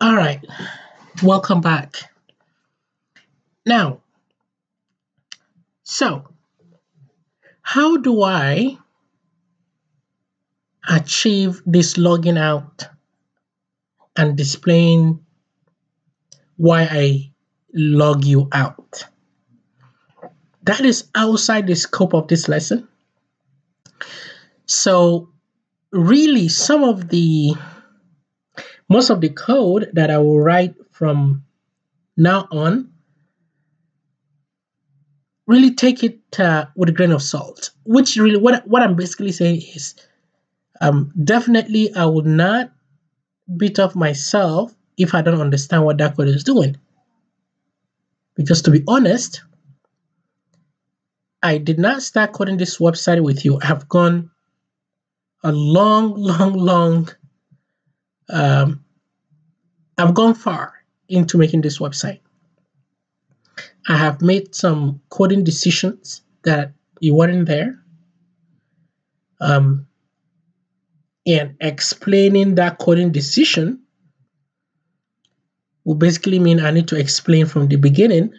All right, welcome back. Now, so how do I achieve this logging out and displaying why I log you out? That is outside the scope of this lesson. So really some of the most of the code that I will write from now on, really take it uh, with a grain of salt. Which really, what, what I'm basically saying is, um, definitely I would not beat up myself if I don't understand what that code is doing. Because to be honest, I did not start coding this website with you. I've gone a long, long, long um, I've gone far into making this website. I have made some coding decisions that you weren't there. Um, and explaining that coding decision will basically mean I need to explain from the beginning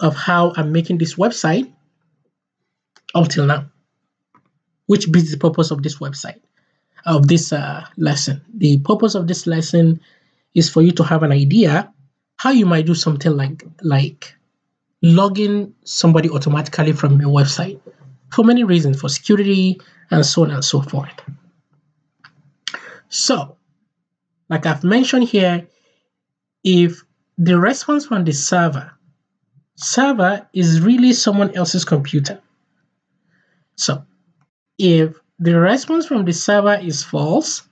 of how I'm making this website up till now, which beats the purpose of this website of this uh, lesson. The purpose of this lesson is for you to have an idea how you might do something like like logging somebody automatically from your website for many reasons, for security and so on and so forth. So, like I've mentioned here, if the response from the server, server is really someone else's computer. So, if the response from the server is false,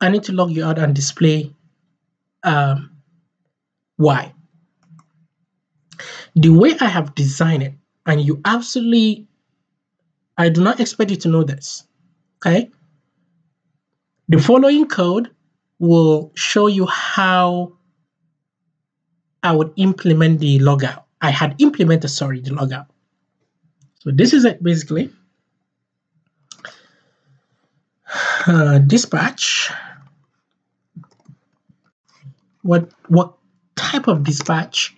I need to log you out and display um, why. The way I have designed it, and you absolutely, I do not expect you to know this, okay? The following code will show you how I would implement the logout. I had implemented, sorry, the logout. So this is it basically. Uh, dispatch. What what type of dispatch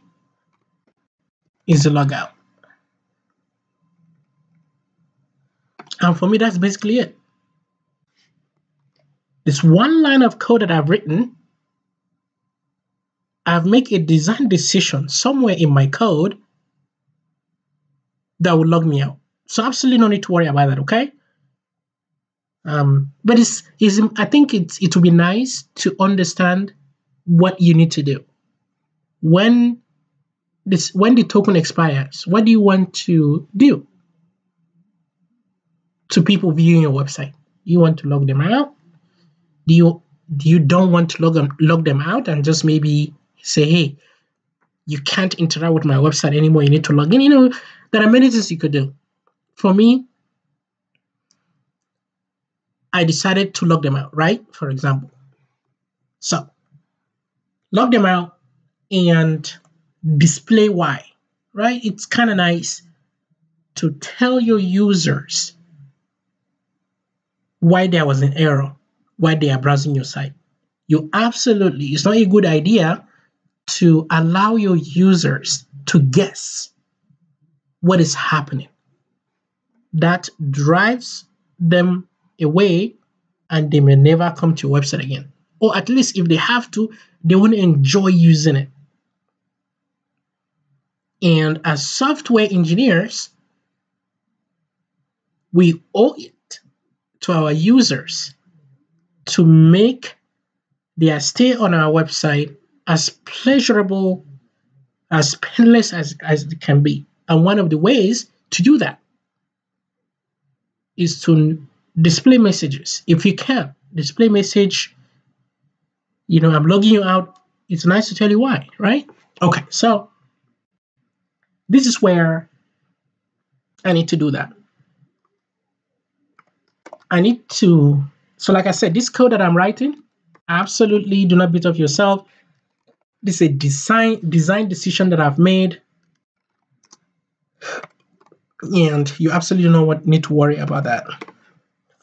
is the logout? And for me, that's basically it. This one line of code that I've written, I've made a design decision somewhere in my code that will log me out. So absolutely no need to worry about that, okay? Um, but it's, it's I think it's it will be nice to understand what you need to do. When this when the token expires, what do you want to do to people viewing your website? You want to log them out? Do you do you don't want to log them log them out and just maybe say, hey, you can't interact with my website anymore. You need to log in. You know, there are many things you could do. For me, I decided to log them out, right? For example. So log them out and display why, right? It's kind of nice to tell your users why there was an error, why they are browsing your site. You absolutely, it's not a good idea to allow your users to guess what is happening. That drives them away and they may never come to your website again. Or at least if they have to, they won't enjoy using it. And as software engineers, we owe it to our users to make their stay on our website as pleasurable, as painless as, as it can be. And one of the ways to do that is to display messages. If you can, display message, you know, I'm logging you out. It's nice to tell you why, right? Okay, so this is where I need to do that. I need to, so like I said, this code that I'm writing, absolutely do not beat up yourself. This is a design design decision that I've made. And you absolutely know what need to worry about that.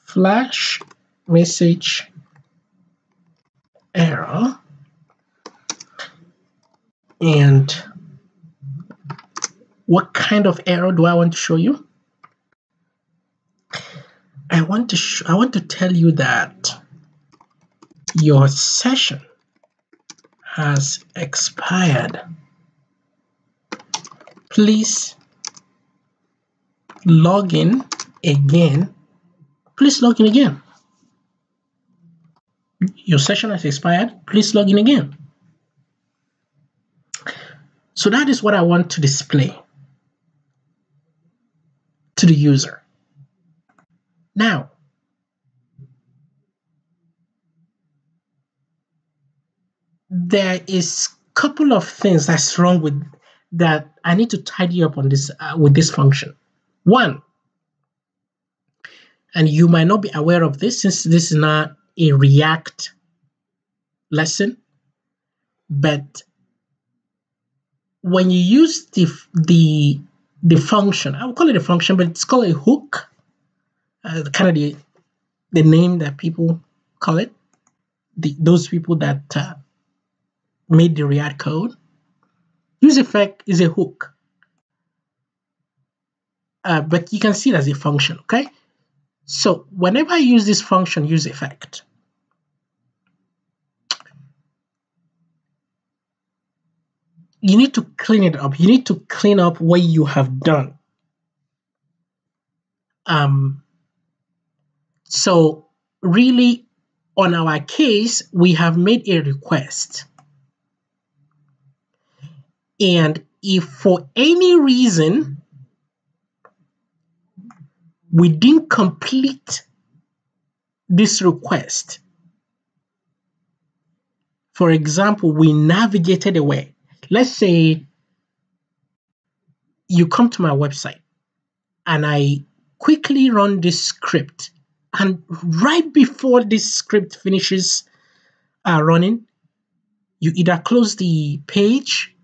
Flash message error. And what kind of error do I want to show you? I want to I want to tell you that your session has expired. Please log in again. Please log in again. Your session has expired. Please log in again. So that is what I want to display to the user. Now, there is couple of things that's wrong with that I need to tidy up on this uh, with this function. One, and you might not be aware of this since this is not a React lesson, but when you use the the the function, I will call it a function, but it's called a hook, uh, kind of the the name that people call it. The, those people that uh, made the React code. UseEffect is a hook, uh, but you can see it as a function, okay? So whenever I use this function useEffect, you need to clean it up. You need to clean up what you have done. Um, so really, on our case, we have made a request and if for any reason we didn't complete this request, for example, we navigated away. Let's say you come to my website and I quickly run this script. And right before this script finishes uh, running, you either close the page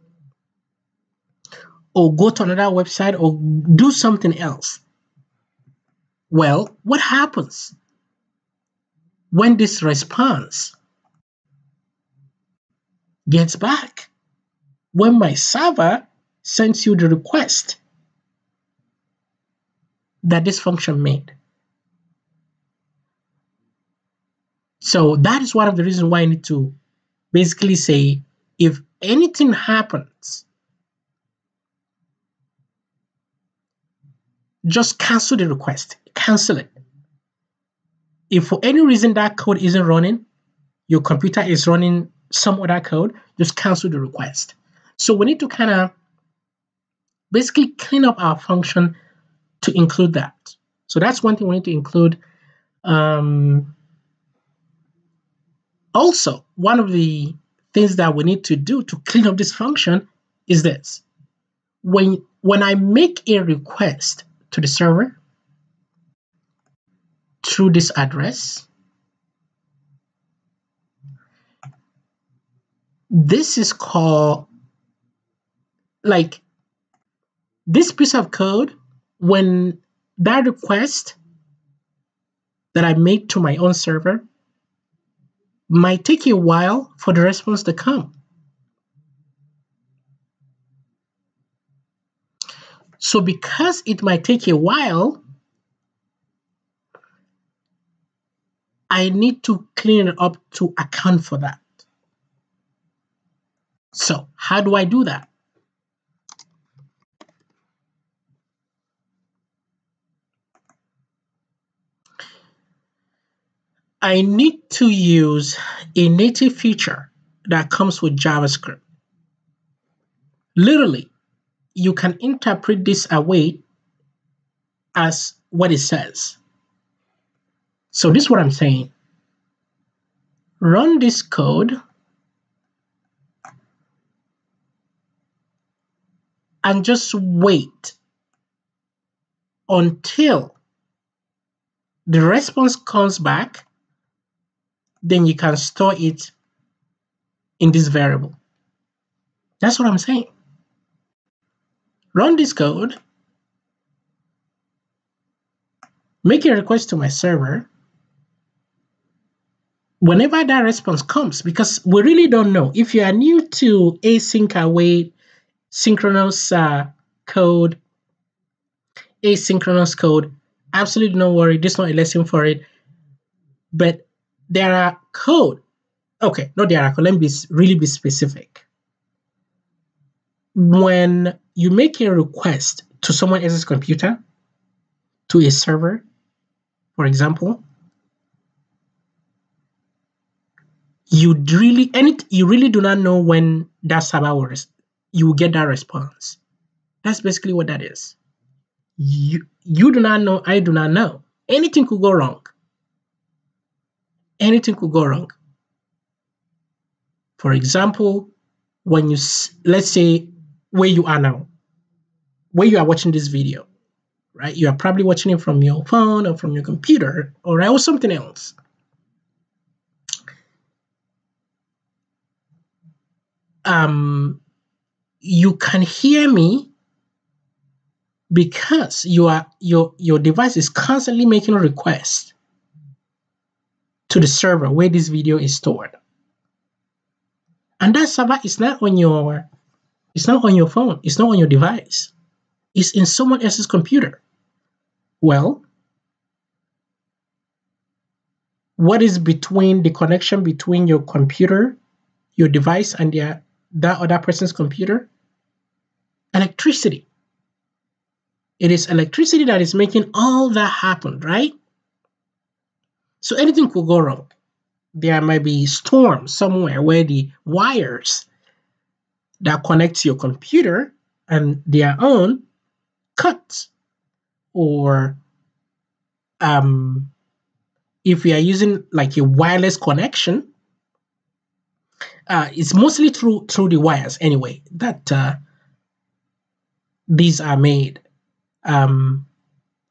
or go to another website or do something else. Well, what happens when this response gets back? When my server sends you the request that this function made. So that is one of the reasons why I need to basically say if anything happens just cancel the request, cancel it. If for any reason that code isn't running, your computer is running some other code, just cancel the request. So we need to kind of basically clean up our function to include that. So that's one thing we need to include. Um, also, one of the things that we need to do to clean up this function is this. When, when I make a request, to the server through this address. This is called, like, this piece of code, when that request that I make to my own server might take a while for the response to come. So because it might take a while, I need to clean it up to account for that. So how do I do that? I need to use a native feature that comes with JavaScript. Literally, you can interpret this away as what it says. So this is what I'm saying. Run this code and just wait until the response comes back, then you can store it in this variable. That's what I'm saying. Run this code, make a request to my server. Whenever that response comes, because we really don't know. If you are new to async await, synchronous uh, code, asynchronous code, absolutely no worry. This is not a lesson for it. But there are code. Okay, not there are code. Let me be, really be specific when you make a request to someone else's computer, to a server, for example, you really any you really do not know when that server will you will get that response. That's basically what that is. You you do not know, I do not know. Anything could go wrong. Anything could go wrong. For example, when you let's say where you are now, where you are watching this video, right? You are probably watching it from your phone or from your computer or, or something else. Um, you can hear me because you are, your, your device is constantly making a request to the server where this video is stored. And that server is not on your it's not on your phone. It's not on your device. It's in someone else's computer. Well, what is between the connection between your computer, your device, and that other person's computer? Electricity. It is electricity that is making all that happen, right? So anything could go wrong. There might be storms somewhere where the wires that connects your computer and their own cut or um, if we are using like a wireless connection uh, it's mostly through through the wires anyway that uh, these are made um,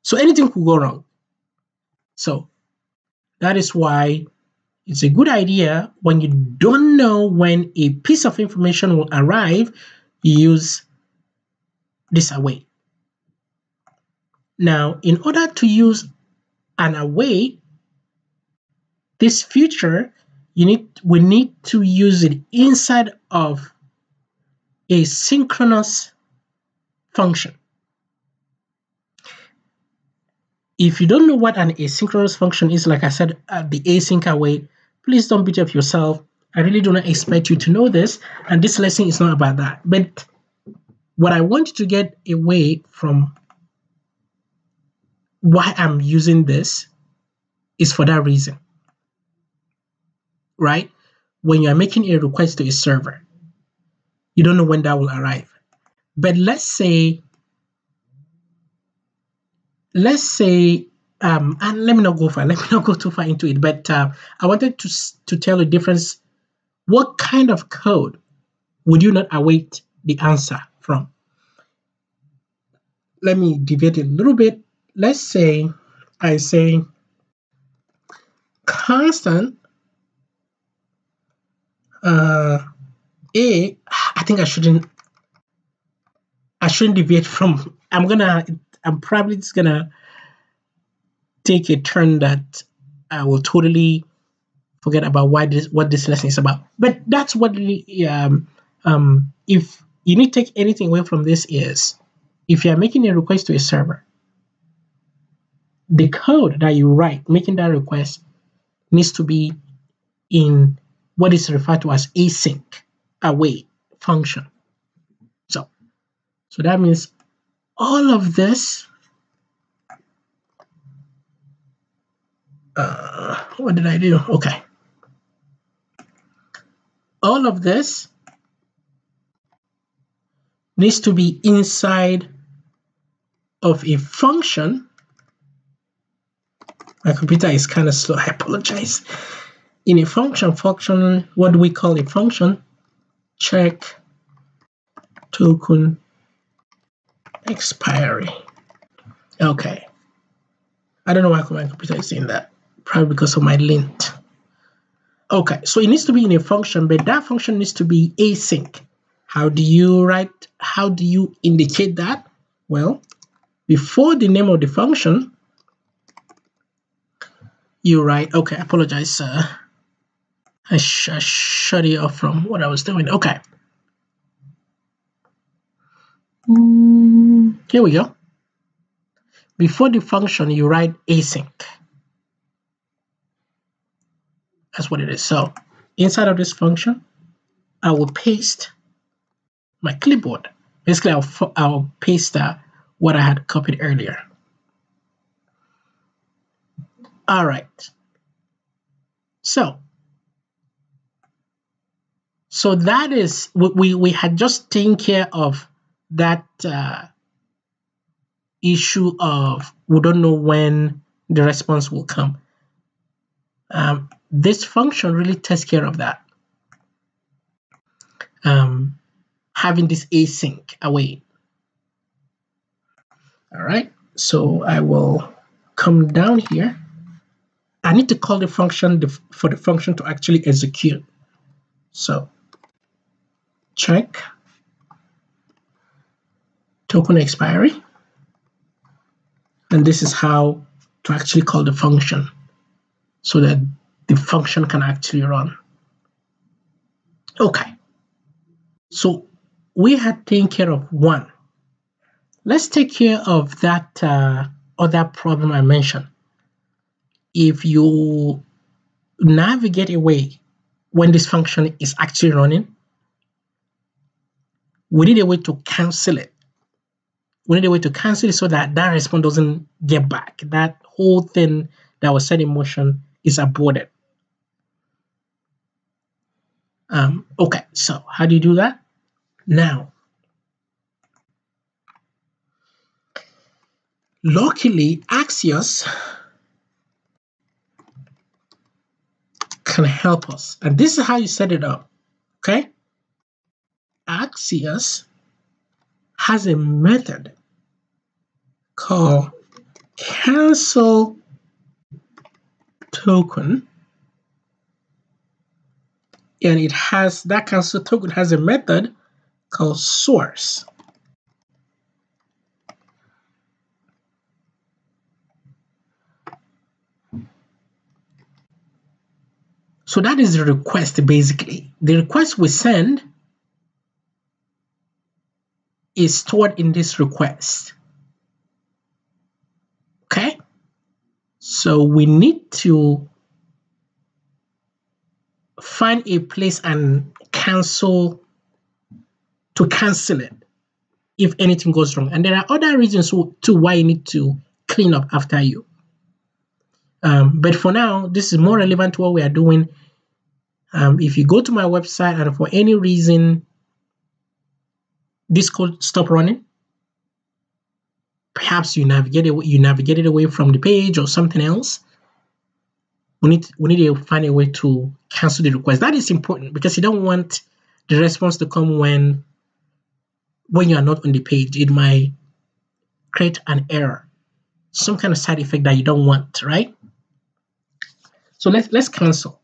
so anything could go wrong so that is why it's a good idea when you don't know when a piece of information will arrive, you use this away. Now, in order to use an away, this feature, you need we need to use it inside of a synchronous function. If you don't know what an asynchronous function is, like I said, uh, the async away Please don't beat up yourself. I really do not expect you to know this, and this lesson is not about that. But what I want you to get away from why I'm using this is for that reason. Right? When you are making a request to a server, you don't know when that will arrive. But let's say let's say um, and let me not go far. Let me not go too far into it. But uh, I wanted to to tell the difference. What kind of code would you not await the answer from? Let me deviate a little bit. Let's say I say constant uh, a. I think I shouldn't. I shouldn't deviate from. I'm gonna. I'm probably just gonna take a turn that I will totally forget about why this what this lesson is about. But that's what the, um, um, if you need to take anything away from this is if you are making a request to a server, the code that you write making that request needs to be in what is referred to as async away function. So, so that means all of this uh, what did I do? Okay. All of this needs to be inside of a function. My computer is kind of slow, I apologize. In a function, function, what do we call a function? Check token expiry. Okay. I don't know why my computer is saying that probably because of my lint. Okay, so it needs to be in a function, but that function needs to be async. How do you write, how do you indicate that? Well, before the name of the function, you write, okay, apologize, sir. I, sh I shut you off from what I was doing. Okay. Mm, here we go. Before the function, you write async. That's what it is. So inside of this function, I will paste my clipboard. Basically, I'll, I'll paste that what I had copied earlier. All right. So, so that is we we had just taken care of that uh, issue of we don't know when the response will come. Um, this function really takes care of that. Um, having this async away. All right, so I will come down here. I need to call the function for the function to actually execute. So check token expiry. And this is how to actually call the function so that the function can actually run. Okay, so we had taken care of one. Let's take care of that uh, other problem I mentioned. If you navigate away when this function is actually running, we need a way to cancel it. We need a way to cancel it so that that response doesn't get back. That whole thing that was set in motion is aborted. Um, okay, so how do you do that? Now, luckily, Axios can help us. And this is how you set it up, okay? Axios has a method called cancel token and it has that cancel token has a method called source. So that is the request basically. The request we send is stored in this request. Okay? So we need to find a place and cancel to cancel it if anything goes wrong. And there are other reasons to why you need to clean up after you. Um, but for now, this is more relevant to what we are doing. Um, if you go to my website and for any reason this could stop running, perhaps you navigate it, you navigated away from the page or something else, we need we need to find a way to cancel the request. That is important because you don't want the response to come when when you are not on the page. It might create an error, some kind of side effect that you don't want, right? So let's let's cancel.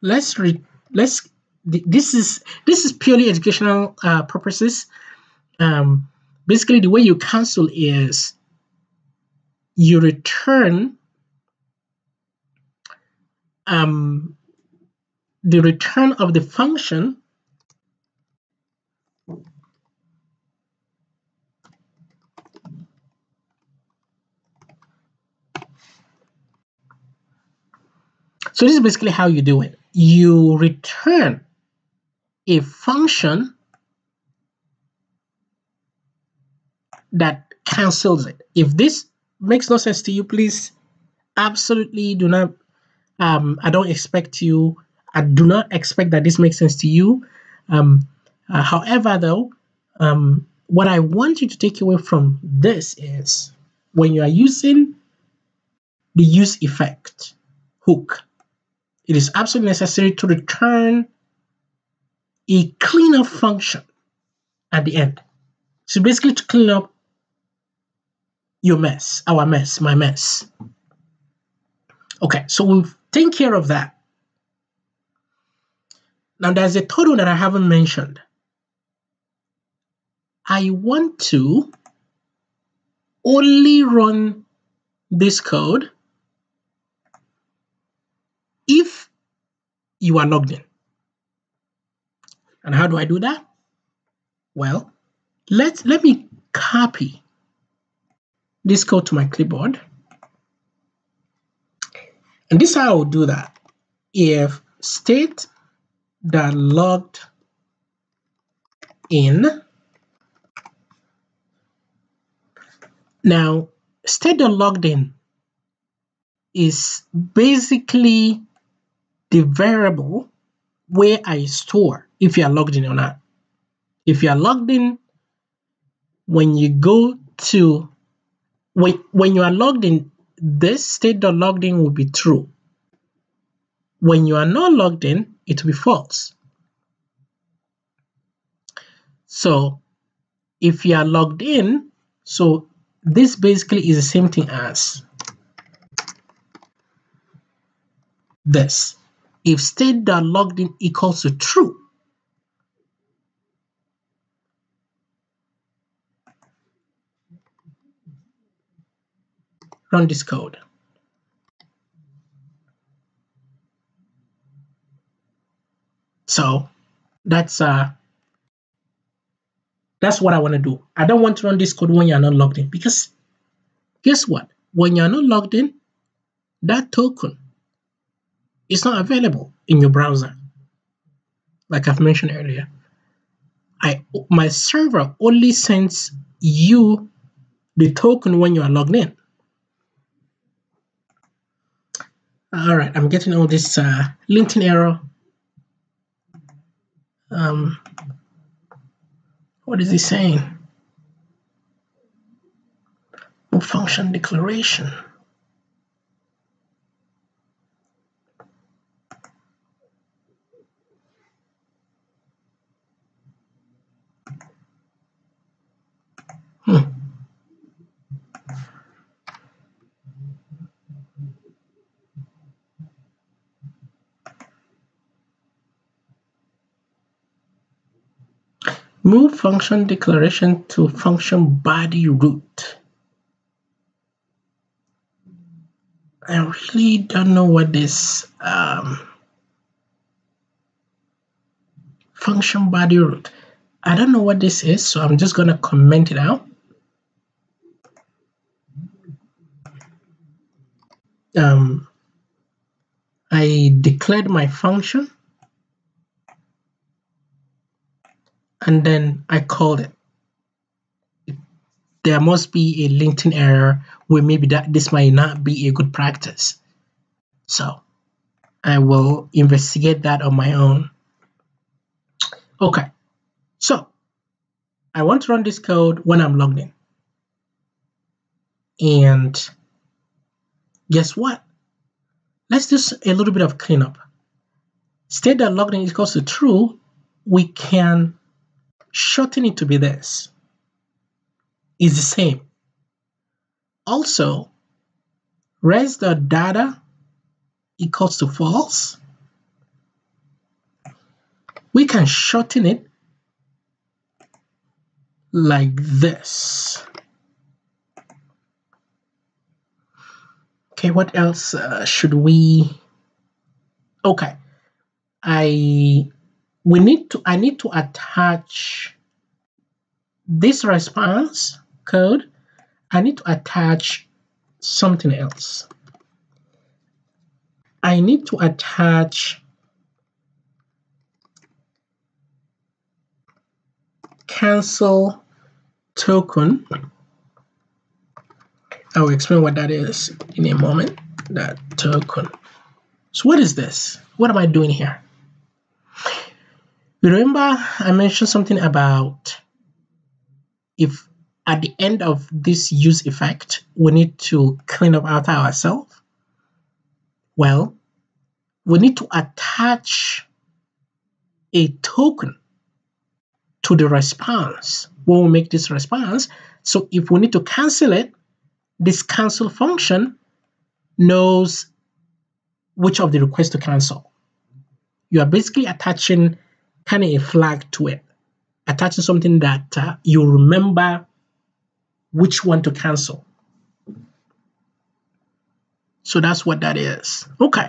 Let's re let's this is this is purely educational uh, purposes. Um, basically, the way you cancel is you return um, the return of the function So this is basically how you do it. You return a function that cancels it. If this makes no sense to you, please absolutely do not. Um, I don't expect you. I do not expect that this makes sense to you. Um, uh, however, though, um, what I want you to take away from this is when you are using the use effect hook, it is absolutely necessary to return a cleanup function at the end. So basically to clean up your mess, our mess, my mess. Okay, so we'll take care of that. Now, there's a third one that I haven't mentioned. I want to only run this code if you are logged in. And how do I do that? Well, let, let me copy this go to my clipboard. And this how I would do that. If state that logged in. Now, state that logged in is basically the variable where I store if you are logged in or not. If you are logged in, when you go to when, when you are logged in, this logged in will be true. When you are not logged in, it will be false. So if you are logged in, so this basically is the same thing as this. If state.logged in equals to true, run this code. So that's uh that's what I want to do. I don't want to run this code when you're not logged in because guess what? When you're not logged in, that token is not available in your browser. Like I've mentioned earlier, I my server only sends you the token when you are logged in. All right, I'm getting all this uh, linting error. Um, what is he saying? Move function declaration. Move function declaration to function body root. I really don't know what this um, function body root. I don't know what this is, so I'm just gonna comment it out. Um, I declared my function and then I called it. There must be a LinkedIn error where maybe that this might not be a good practice. So I will investigate that on my own. Okay, so I want to run this code when I'm logged in. And guess what? Let's do a little bit of cleanup. State that logged in is equals to true, we can shorten it to be this is the same. Also, res.data equals to false. We can shorten it like this. Okay, what else uh, should we? Okay, I we need to, I need to attach this response code. I need to attach something else. I need to attach cancel token. I will explain what that is in a moment. That token. So what is this? What am I doing here? Remember, I mentioned something about if at the end of this use effect, we need to clean up after ourselves. Well, we need to attach a token to the response when we make this response. So if we need to cancel it, this cancel function knows which of the requests to cancel. You are basically attaching kind of a flag to it, attaching something that uh, you remember which one to cancel. So that's what that is. Okay.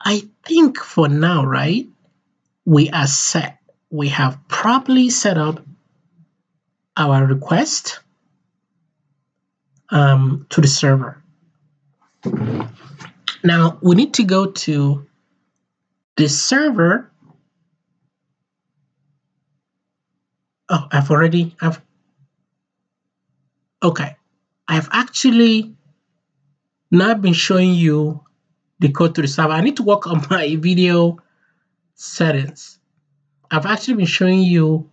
I think for now, right, we are set. We have properly set up our request um, to the server. Now we need to go to the server Oh, I've already, I've, okay. I've actually now been showing you the code to the server. I need to work on my video settings. I've actually been showing you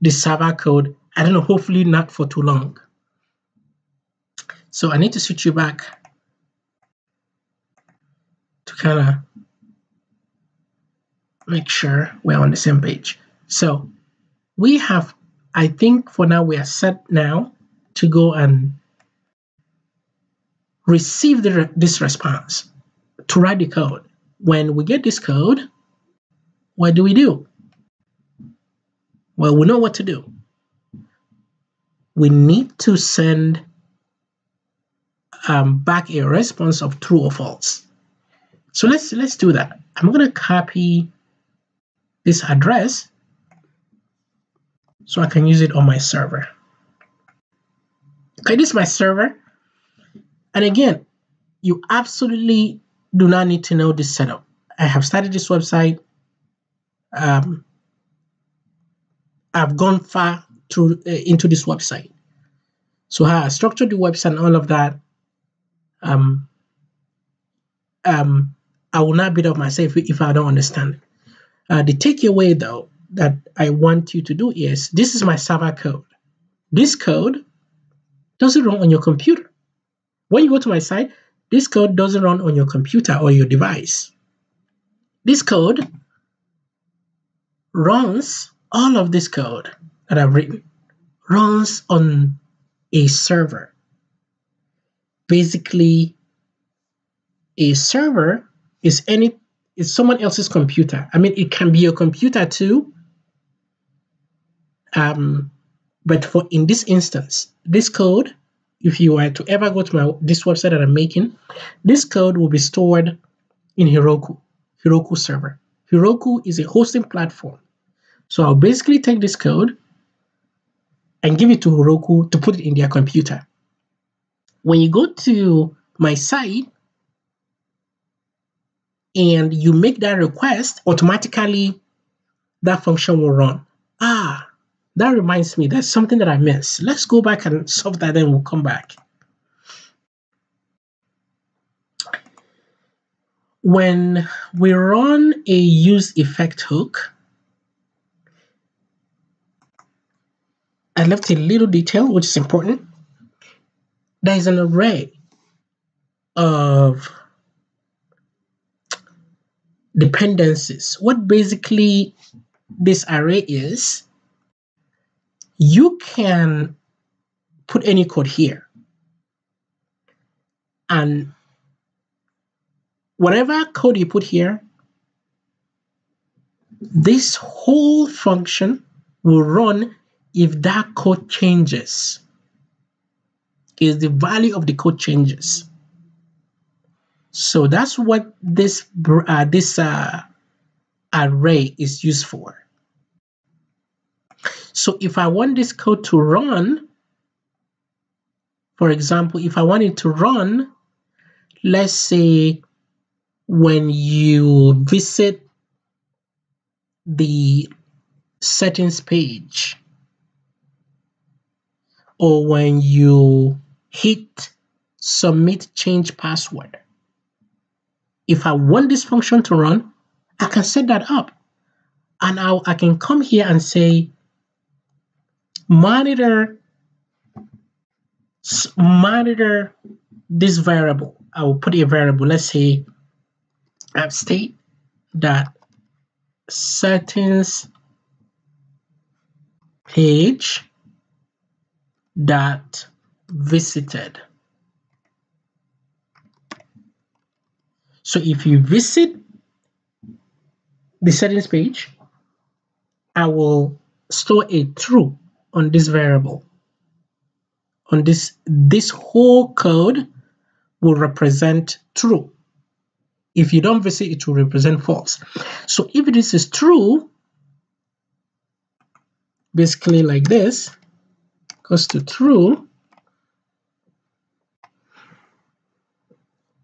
the server code. I don't know, hopefully not for too long. So I need to switch you back to kind of make sure we're on the same page. So we have, I think for now, we are set now to go and receive the, this response to write the code. When we get this code, what do we do? Well, we know what to do. We need to send um, back a response of true or false. So let's let's do that. I'm going to copy this address so I can use it on my server. Okay, this is my server. And again, you absolutely do not need to know this setup. I have started this website. Um, I've gone far through uh, into this website. So how I structured the website and all of that. Um, um, I will not beat up myself if I don't understand it. Uh, the takeaway though that I want you to do is this is my server code. This code doesn't run on your computer. When you go to my site, this code doesn't run on your computer or your device. This code runs all of this code that I've written runs on a server. Basically, a server is any is someone else's computer. I mean, it can be your computer too, um, but for in this instance, this code, if you were to ever go to my this website that I'm making, this code will be stored in Heroku, Heroku server. Heroku is a hosting platform. So I'll basically take this code and give it to Heroku to put it in their computer. When you go to my site and you make that request, automatically that function will run. Ah, that reminds me, there's something that I missed. Let's go back and solve that, then we'll come back. When we run a use effect hook, I left a little detail, which is important. There is an array of dependencies. What basically this array is, you can put any code here. And whatever code you put here, this whole function will run if that code changes is the value of the code changes so that's what this uh, this uh, array is used for so if I want this code to run, for example, if I want it to run, let's say when you visit the settings page or when you hit submit change password. If I want this function to run, I can set that up and i I can come here and say monitor monitor this variable. I will put a variable. Let's say app state dot settings page dot visited. So if you visit the settings page, I will store a true on this variable on this this whole code will represent true if you don't visit it will represent false so if this is true basically like this goes to true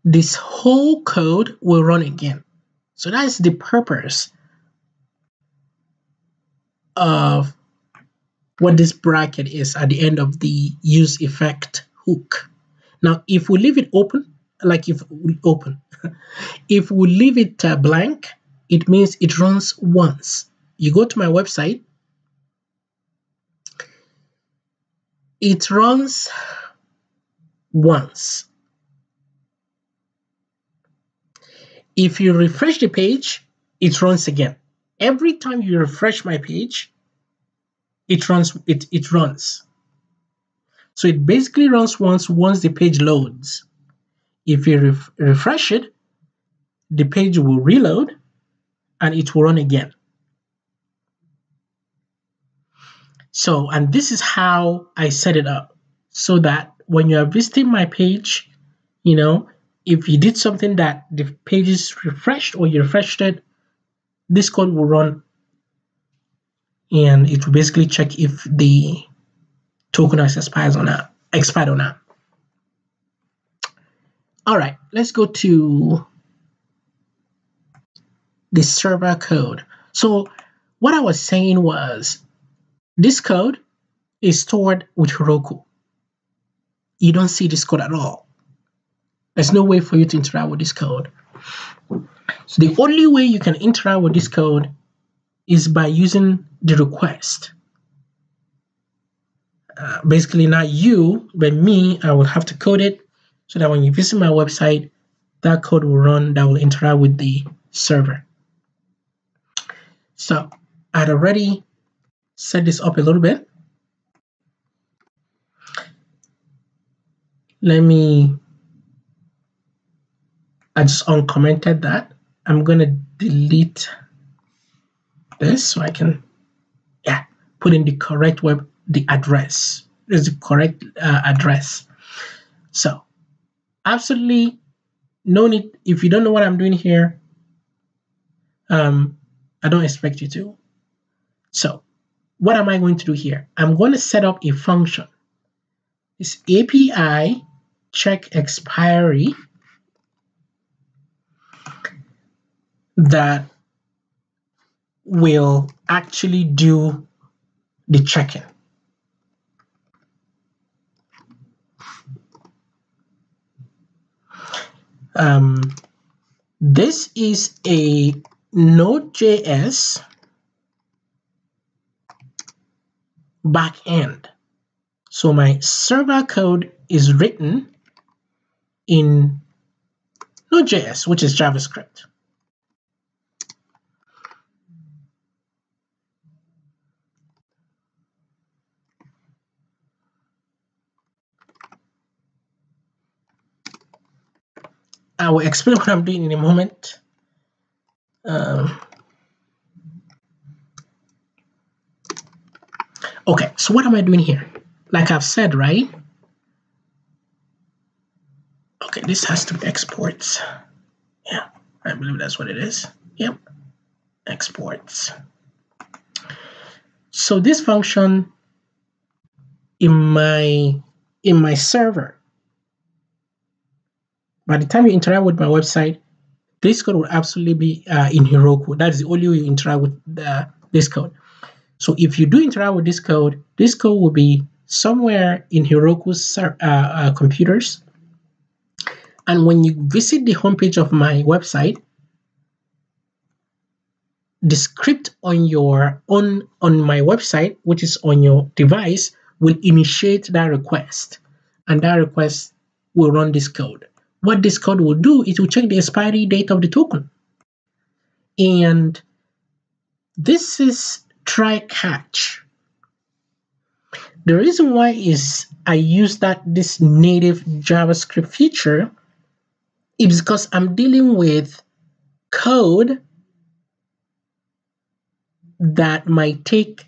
this whole code will run again so that's the purpose of what this bracket is at the end of the use effect hook. Now, if we leave it open, like if we open, if we leave it uh, blank, it means it runs once. You go to my website, it runs once. If you refresh the page, it runs again. Every time you refresh my page, it runs it it runs so it basically runs once once the page loads if you ref refresh it the page will reload and it will run again so and this is how i set it up so that when you are visiting my page you know if you did something that the page is refreshed or you refreshed it this code will run and it will basically check if the token has expired or not. Expired or not. All right, let's go to the server code. So what I was saying was this code is stored with Heroku. You don't see this code at all. There's no way for you to interact with this code. So the only way you can interact with this code is by using the request. Uh, basically, not you, but me, I will have to code it so that when you visit my website, that code will run that will interact with the server. So I'd already set this up a little bit. Let me, I just uncommented that. I'm gonna delete this so I can put in the correct web the address is the correct uh, address so absolutely no need if you don't know what i'm doing here um i don't expect you to so what am i going to do here i'm going to set up a function it's api check expiry that will actually do the checking. Um, this is a Node.js backend. So my server code is written in Node.js, which is JavaScript. I will explain what I'm doing in a moment. Um, okay, so what am I doing here? Like I've said, right? Okay, this has to be exports. Yeah, I believe that's what it is. Yep, exports. So this function in my in my server by the time you interact with my website, this code will absolutely be uh, in Heroku. That's the only way you interact with the this code. So if you do interact with this code, this code will be somewhere in Heroku's uh, uh, computers. And when you visit the homepage of my website, the script on your on on my website, which is on your device, will initiate that request, and that request will run this code what this code will do is will check the expiry date of the token. And this is try catch. The reason why is I use that this native JavaScript feature is because I'm dealing with code that might take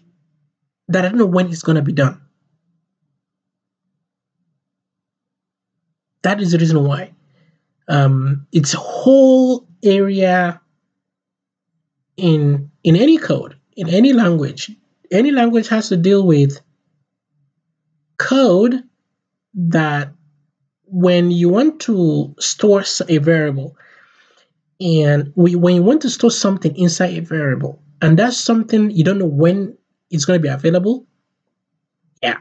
that I don't know when it's going to be done. That is the reason why um, its whole area in in any code in any language any language has to deal with code that when you want to store a variable and we, when you want to store something inside a variable and that's something you don't know when it's going to be available yeah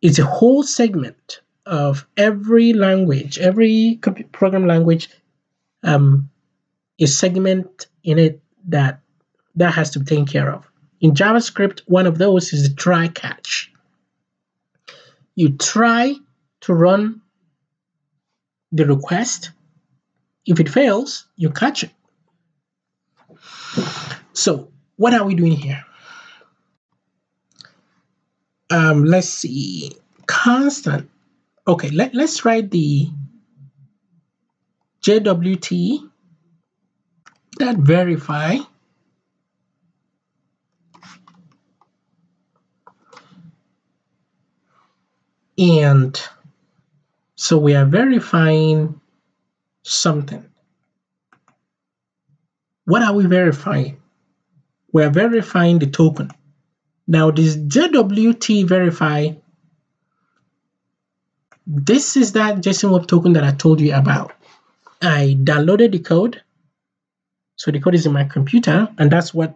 it's a whole segment of every language, every program language um, is segment in it that that has to be taken care of. In JavaScript, one of those is the try catch. You try to run the request. If it fails, you catch it. So, what are we doing here? Um, let's see. Constant Okay, let, let's write the JWT that verify and so we are verifying something. What are we verifying? We are verifying the token. Now this JWT verify this is that JSON Web Token that I told you about. I downloaded the code. So the code is in my computer, and that's what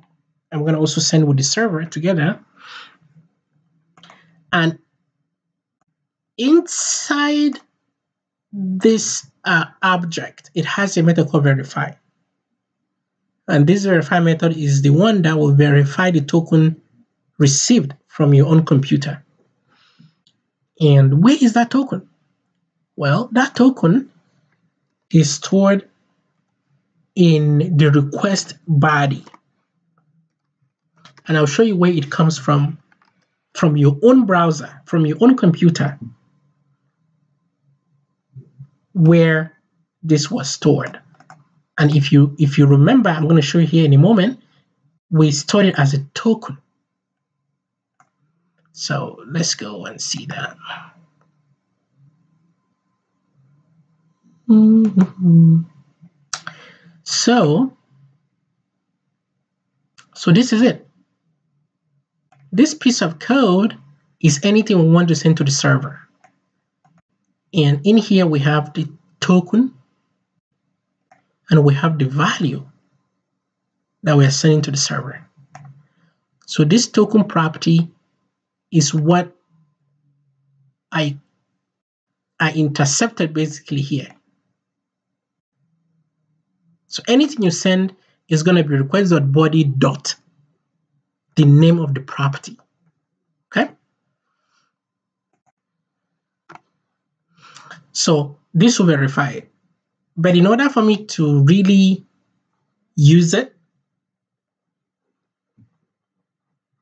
I'm going to also send with the server together. And inside this uh, object, it has a method called verify. And this verify method is the one that will verify the token received from your own computer. And where is that token? Well, that token is stored in the request body. And I'll show you where it comes from, from your own browser, from your own computer, where this was stored. And if you if you remember, I'm going to show you here in a moment, we stored it as a token. So let's go and see that. Mm -hmm. So, so this is it. This piece of code is anything we want to send to the server. And in here we have the token and we have the value that we are sending to the server. So this token property is what I I intercepted basically here. So anything you send is going to be request.body dot the name of the property. Okay. So this will verify it. But in order for me to really use it,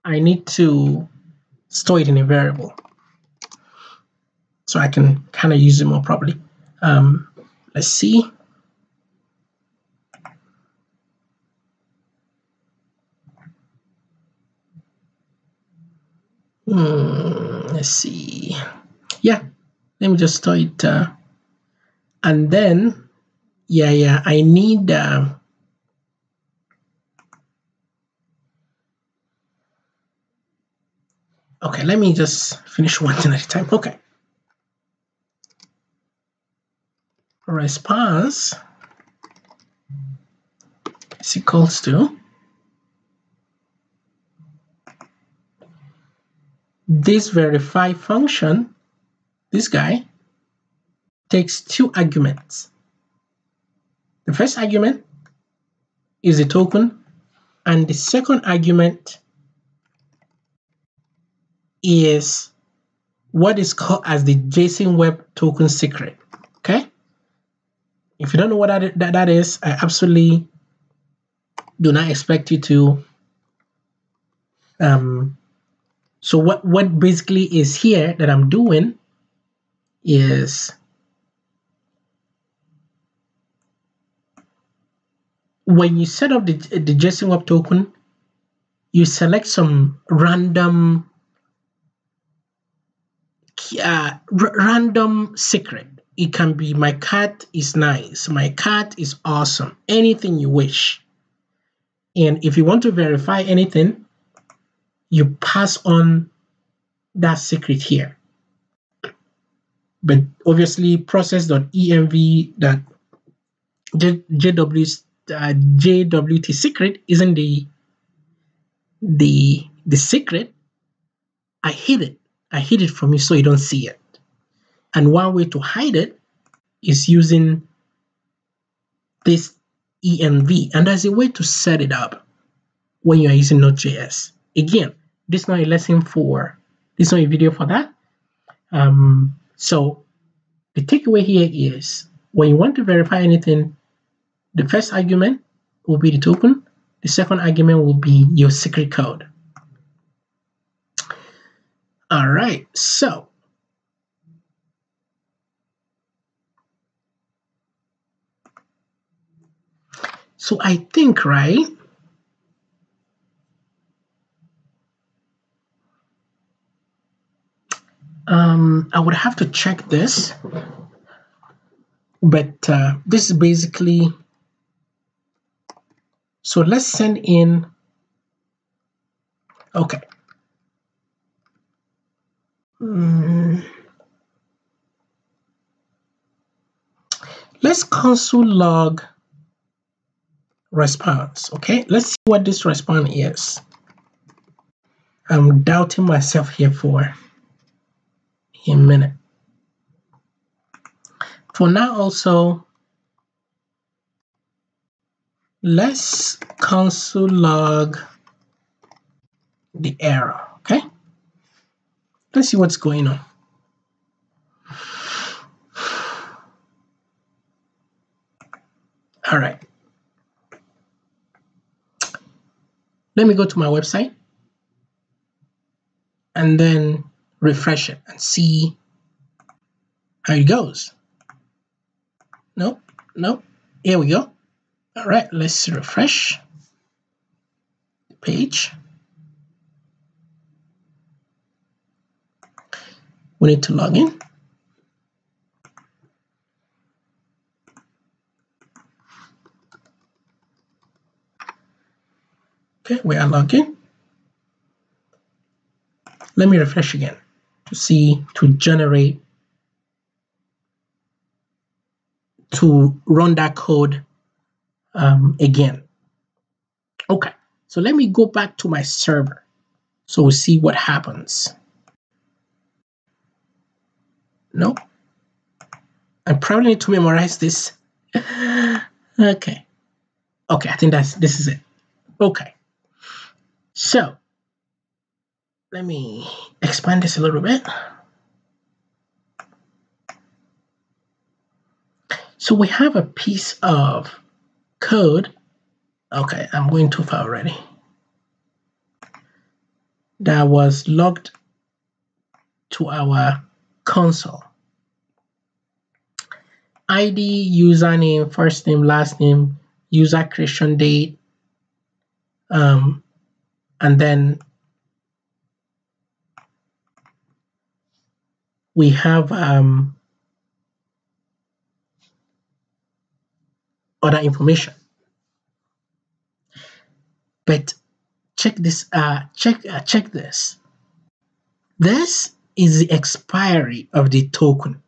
I need to store it in a variable. So I can kind of use it more properly. Um, let's see. Hmm, let's see. Yeah, let me just store it. Uh, and then, yeah, yeah, I need uh, Okay, let me just finish one thing at a time. Okay. Response is equals to this verify function, this guy, takes two arguments. The first argument is a token, and the second argument is what is called as the JSON Web Token Secret. Okay. If you don't know what that, that, that is, I absolutely do not expect you to. Um, so what, what basically is here that I'm doing is when you set up the, the JSON Web Token, you select some random uh, r- random secret. It can be my cat is nice, my cat is awesome, anything you wish. And if you want to verify anything, you pass on that secret here. But obviously, process.env that JW, uh, JWT secret isn't the the the secret. I hid it I hid it from you so you don't see it. And one way to hide it is using this env, and there's a way to set it up when you are using Node.js. Again, this is not a lesson for, this is not a video for that. Um, so the takeaway here is when you want to verify anything, the first argument will be the token. The second argument will be your secret code. All right, so so I think right. Um, I would have to check this, but uh, this is basically. So let's send in. Okay, Mm. Let's console log response. Okay, let's see what this response is. I'm doubting myself here for a minute. For now also, let's console log the error. Let's see what's going on. All right. Let me go to my website and then refresh it and see how it goes. Nope, nope. Here we go. All right, let's refresh the page. we need to log in. Okay, we are logged in. Let me refresh again to see, to generate, to run that code um, again. Okay, so let me go back to my server so we we'll see what happens. No? I probably need to memorize this. okay. Okay, I think that's this is it. Okay. So let me expand this a little bit. So we have a piece of code. Okay, I'm going too far already. That was logged to our console. ID, username, first name, last name, user creation date, um, and then we have um, other information. But check this. Uh, check uh, check this. This is the expiry of the token.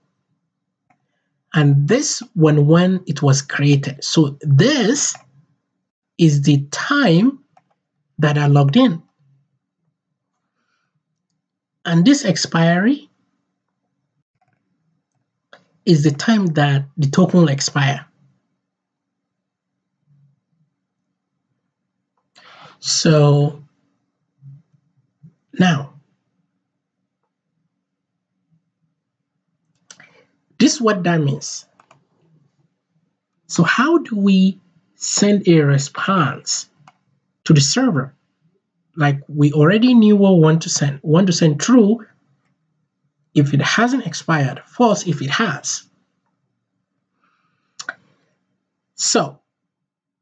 And this when when it was created. So this is the time that I logged in. And this expiry is the time that the token will expire. So now This is what that means. So how do we send a response to the server? Like we already knew what we want to send. We want to send true if it hasn't expired, false if it has. So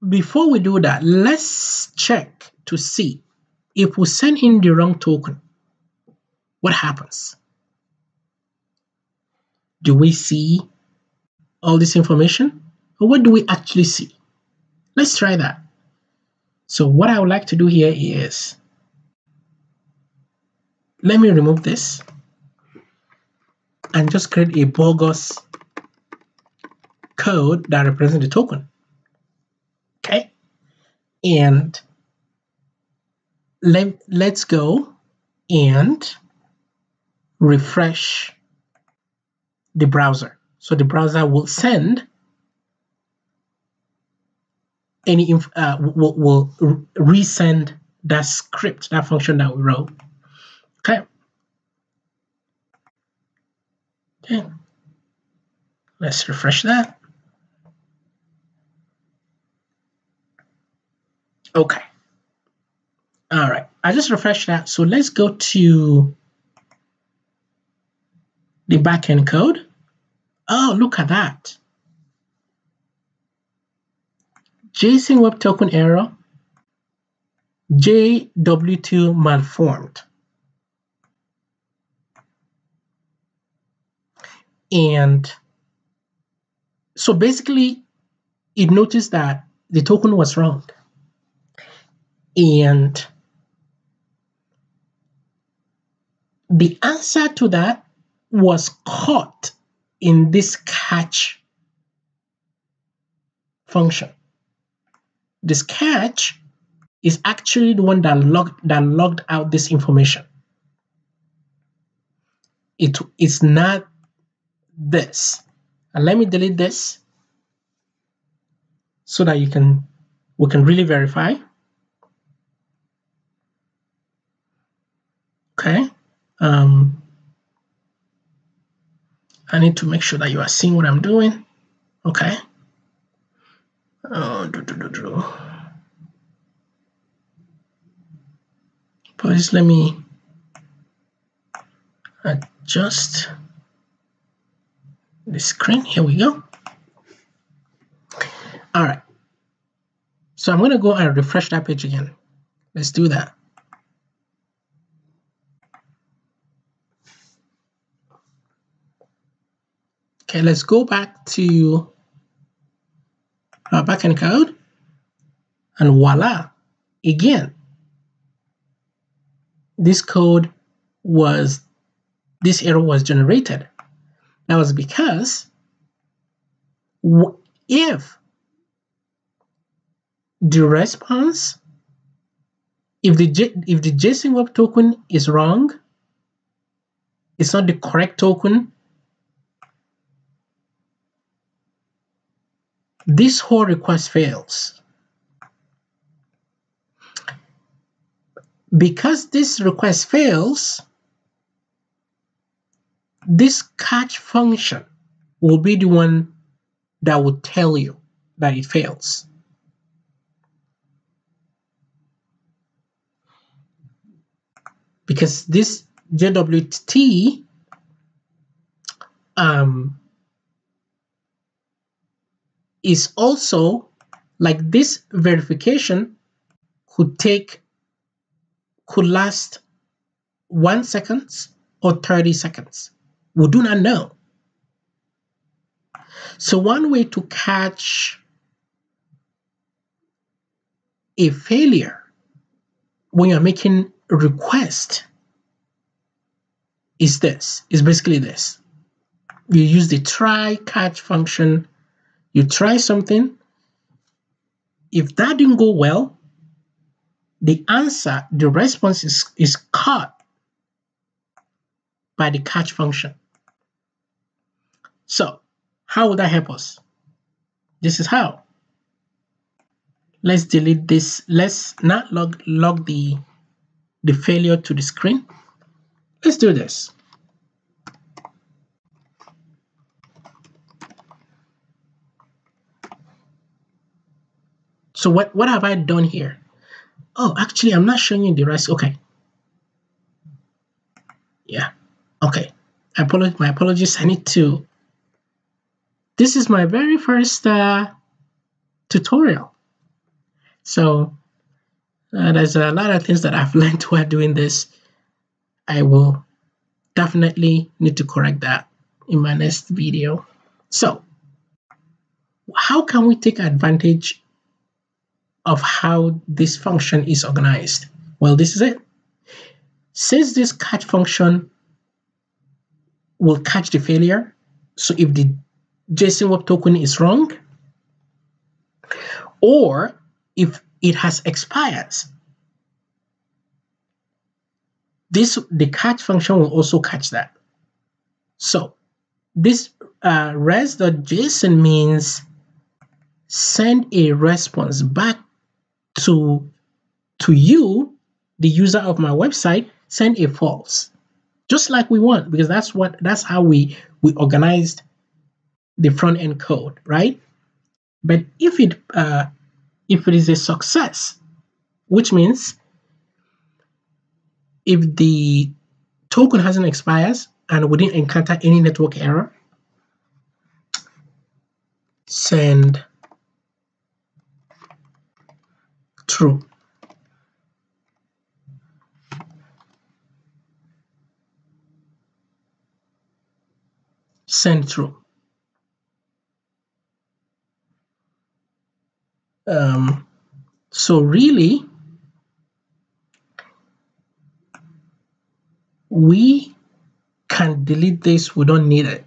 before we do that, let's check to see if we send in the wrong token, what happens? do we see all this information? Or what do we actually see? Let's try that. So what I would like to do here is, let me remove this and just create a bogus code that represents the token. Okay. And let, let's go and refresh the browser. So the browser will send any inf uh, will, will resend that script, that function that we wrote. Okay. Okay. Let's refresh that. Okay. All right. I just refreshed that. So let's go to the backend code. Oh, look at that. JSON Web Token Error, JW2 malformed. And so basically, it noticed that the token was wrong. And the answer to that was caught in this catch function. This catch is actually the one that logged, that logged out this information. It is not this. And let me delete this so that you can we can really verify. Okay. Um, I need to make sure that you are seeing what I'm doing. Okay. Oh, do, do, do, do. Please let me adjust the screen. Here we go. All right. So I'm going to go and refresh that page again. Let's do that. Okay, let's go back to our backend code and voila, again, this code was, this error was generated. That was because if the response, if the, if the JSON web token is wrong, it's not the correct token, this whole request fails. Because this request fails, this catch function will be the one that will tell you that it fails. Because this JWT um, is also like this verification could take could last one seconds or 30 seconds we do not know so one way to catch a failure when you're making a request is this is basically this you use the try catch function you try something. If that didn't go well, the answer, the response is, is caught by the catch function. So, how would that help us? This is how. Let's delete this. Let's not log log the the failure to the screen. Let's do this. So what, what have I done here? Oh, actually, I'm not showing you the rest. Okay. Yeah. Okay. I apologize. My apologies. I need to. This is my very first uh, tutorial. So uh, there's a lot of things that I've learned while doing this. I will definitely need to correct that in my next video. So how can we take advantage of how this function is organized. Well, this is it. Since this catch function will catch the failure, so if the JSON Web Token is wrong, or if it has expired, this the catch function will also catch that. So this uh, res.json means send a response back to, to you, the user of my website, send a false. Just like we want, because that's what that's how we we organized the front end code, right? But if it uh, if it is a success, which means if the token hasn't expired and we didn't encounter any network error, send true send um, so really we can delete this we don't need it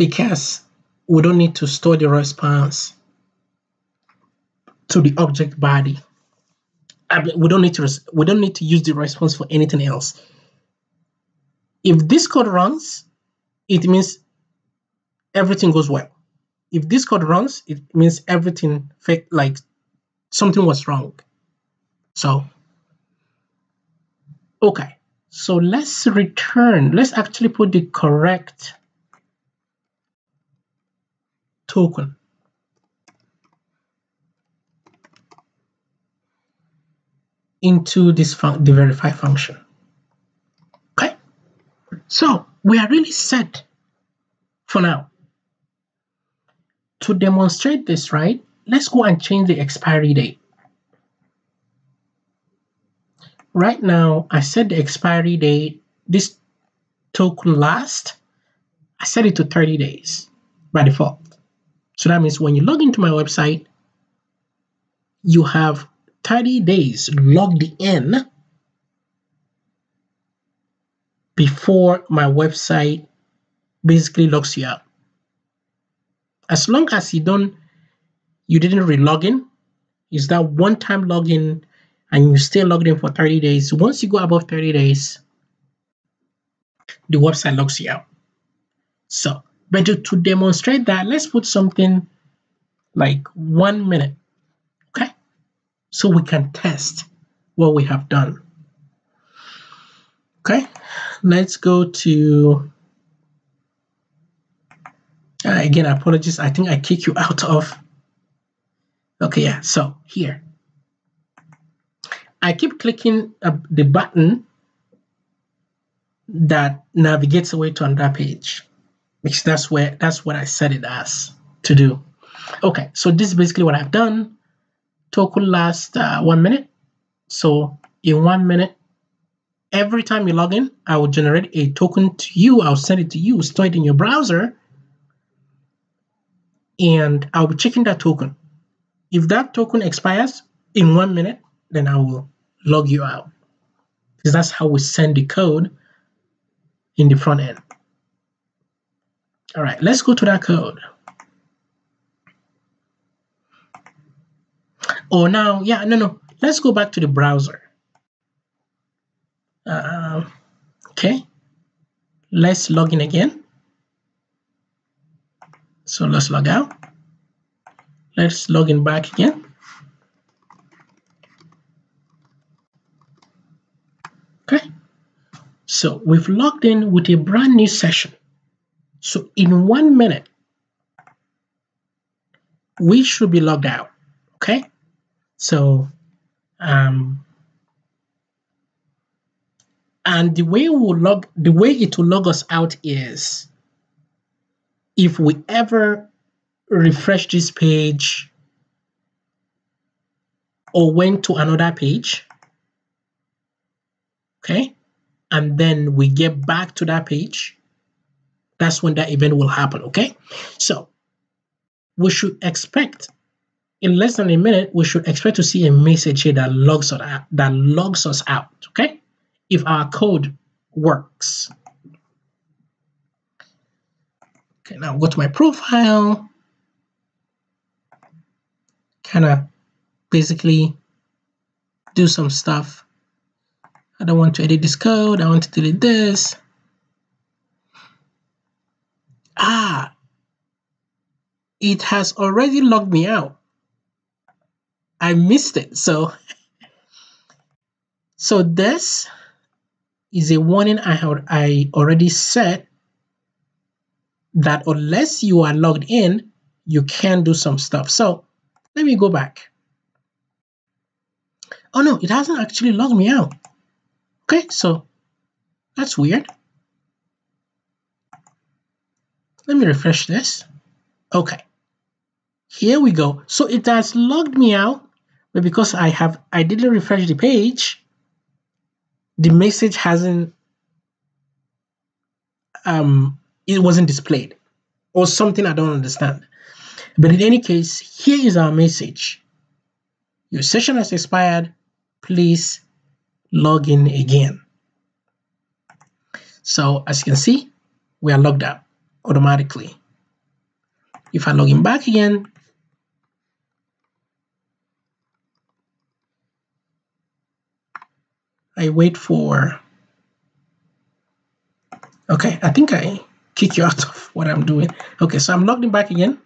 because we don't need to store the response to the object body. We don't need to we don't need to use the response for anything else. If this code runs, it means everything goes well. If this code runs, it means everything like something was wrong. So okay, so let's return. Let's actually put the correct token into this fun the verify function. Okay, so we are really set for now. To demonstrate this, right, let's go and change the expiry date. Right now, I set the expiry date, this token last, I set it to 30 days by default. So that means when you log into my website, you have 30 days logged in before my website basically logs you out. As long as you don't, you didn't re-log in, is that one-time login and you stay logged in for 30 days. Once you go above 30 days, the website logs you out. So but to, to demonstrate that, let's put something like one minute, okay? So we can test what we have done. Okay, let's go to, uh, again, apologies. I think I kick you out of, okay, yeah, so here. I keep clicking uh, the button that navigates away to another page because that's where that's what I set it as to do. Okay, so this is basically what I've done. Talk will last uh, one minute. So in one minute, every time you log in, I will generate a token to you. I'll send it to you, store it in your browser, and I'll be checking that token. If that token expires in one minute, then I will log you out. Because that's how we send the code in the front end. All right, let's go to that code. Oh, now, yeah, no, no. Let's go back to the browser. Uh, okay, let's log in again. So let's log out. Let's log in back again. Okay, so we've logged in with a brand new session. So in one minute, we should be logged out, okay? So, um, and the way we'll log, the way it will log us out is if we ever refresh this page or went to another page, okay, and then we get back to that page, that's when that event will happen, okay? So we should expect in less than a minute, we should expect to see a message here that logs us out, that logs us out, okay? If our code works. Okay, now go to my profile. Kind of basically do some stuff. I don't want to edit this code. I want to delete this ah, it has already logged me out. I missed it. So, so this is a warning I had I already set that unless you are logged in, you can do some stuff. So let me go back. Oh no, it hasn't actually logged me out. Okay, so that's weird. Let me refresh this. Okay, here we go. So it has logged me out, but because I have I didn't refresh the page, the message hasn't um it wasn't displayed or something I don't understand. But in any case, here is our message. Your session has expired. Please log in again. So as you can see, we are logged out automatically. If I log in back again, I wait for, okay, I think I kick you out of what I'm doing. Okay, so I'm logged in back again,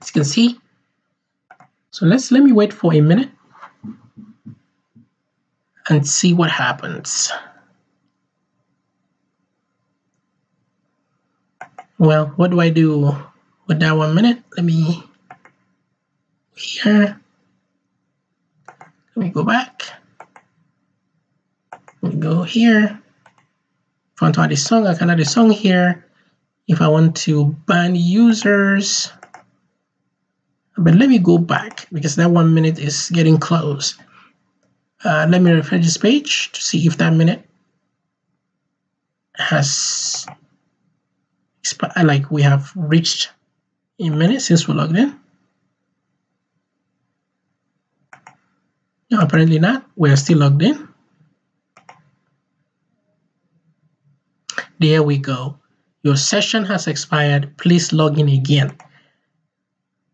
as you can see. So let's, let me wait for a minute and see what happens. Well, what do I do with that one minute? Let me here. Let me go back. Let me go here. If I want to add a song, I can add a song here. If I want to ban users, but let me go back because that one minute is getting close. Uh, let me refresh this page to see if that minute has uh, like we have reached a minute since we logged in. No, apparently not. We are still logged in. There we go. Your session has expired. Please log in again.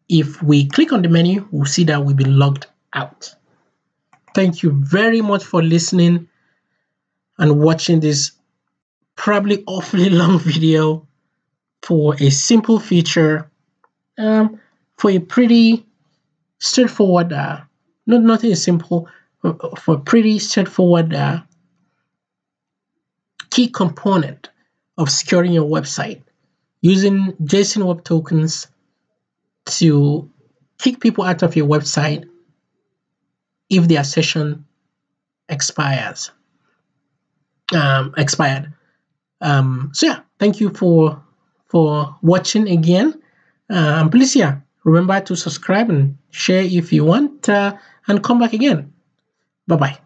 If we click on the menu, we'll see that we've been logged out. Thank you very much for listening and watching this probably awfully long video for a simple feature, um, for a pretty straightforward, uh, not nothing simple, for a pretty straightforward uh, key component of securing your website using JSON Web Tokens to kick people out of your website if their session expires um, expired. Um, so yeah, thank you for for watching again. Uh, and please, yeah, remember to subscribe and share if you want uh, and come back again. Bye bye.